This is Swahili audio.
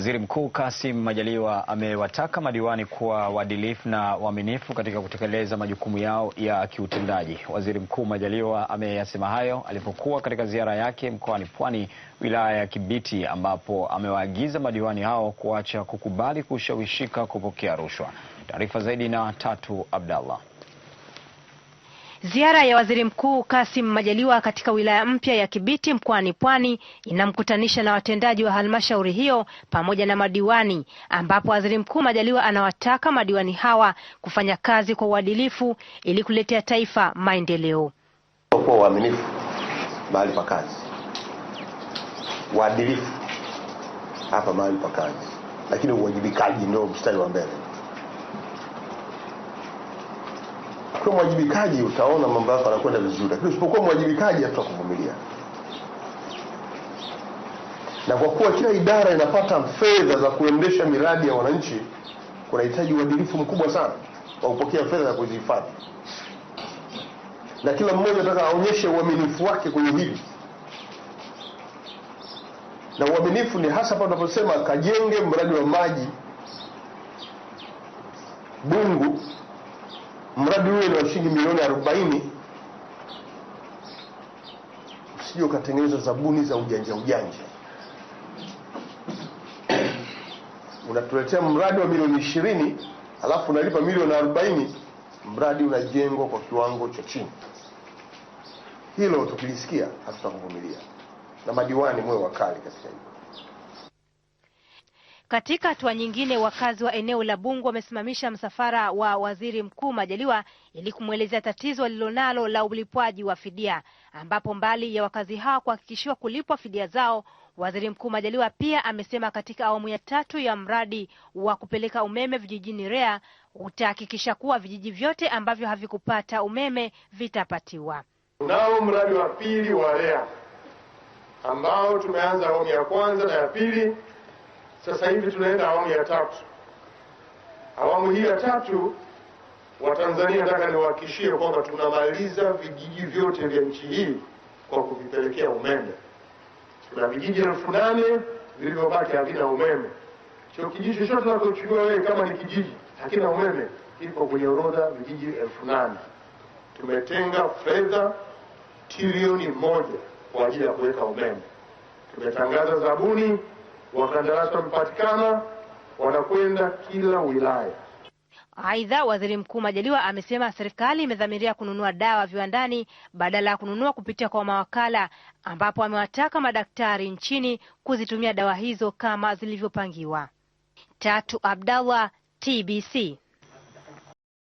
Waziri Mkuu Kassim Majaliwa amewataka madiwani kuwa waadilifu na waaminifu katika kutekeleza majukumu yao ya kiutendaji. Waziri Mkuu Majaliwa ameyasema hayo alipokuwa katika ziara yake mkoani Pwani, wilaya ya Kibiti, ambapo amewaagiza madiwani hao kuacha kukubali kushawishika kupokea rushwa. Taarifa zaidi na Tatu Abdallah. Ziara ya Waziri Mkuu Kassim Majaliwa katika wilaya mpya ya Kibiti mkoani Pwani inamkutanisha na watendaji wa halmashauri hiyo pamoja na madiwani, ambapo Waziri Mkuu Majaliwa anawataka madiwani hawa kufanya kazi kwa uadilifu ili kuletea taifa maendeleo. Kwa uaminifu mahali pa kazi, uadilifu hapa mahali pa kazi, lakini uwajibikaji ndio mstari wa mbele. kwa mwajibikaji utaona mambo yako yanakwenda vizuri, lakini usipokuwa mwajibikaji kuvumilia. Na kwa kuwa kila idara inapata fedha za kuendesha miradi ya wananchi, kunahitaji uadilifu mkubwa sana wa kupokea fedha za kuzihifadhi, na kila mmoja anataka aonyeshe uaminifu wake kwenye hili na uaminifu ni hasa pale tunaposema kajenge mradi wa maji Bungu Mradi huo ni wa shilingi milioni 40, usije ukatengeneza zabuni za ujanja ujanja. Unatuletea mradi wa milioni ishirini alafu unalipa milioni arobaini, mradi unajengwa kwa kiwango cha chini. Hilo tukilisikia hatutakuvumilia, na madiwani mwe wakali katika hilo. Katika hatua nyingine, wakazi wa eneo la Bungu wamesimamisha msafara wa waziri mkuu Majaliwa ili kumwelezea tatizo lililonalo la ulipwaji wa fidia, ambapo mbali ya wakazi hao kuhakikishiwa kulipwa fidia zao, waziri mkuu Majaliwa pia amesema katika awamu ya tatu ya mradi wa kupeleka umeme vijijini REA utahakikisha kuwa vijiji vyote ambavyo havikupata umeme vitapatiwa. unao mradi wa pili wa REA ambao tumeanza awamu ya kwanza na ya pili sasa hivi tunaenda awamu ya tatu. Awamu hii ya tatu, Watanzania, nataka niwahakikishie kwamba tunamaliza vijiji vyote vya nchi hii kwa kuvipelekea umeme. Kuna vijiji elfu nane vilivyobaki havina umeme. Cho kijiji chochote tunachochukua wewe, kama ni kijiji hakina umeme, kiko kwenye orodha vijiji elfu nane. Tumetenga fedha trilioni moja kwa ajili ya kuweka umeme. Tumetangaza zabuni wakandarasi wamepatikana, wanakwenda kila wilaya. Aidha, waziri mkuu Majaliwa amesema serikali imedhamiria kununua dawa viwandani badala ya kununua kupitia kwa mawakala, ambapo amewataka madaktari nchini kuzitumia dawa hizo kama zilivyopangiwa. Tatu Abdallah, TBC.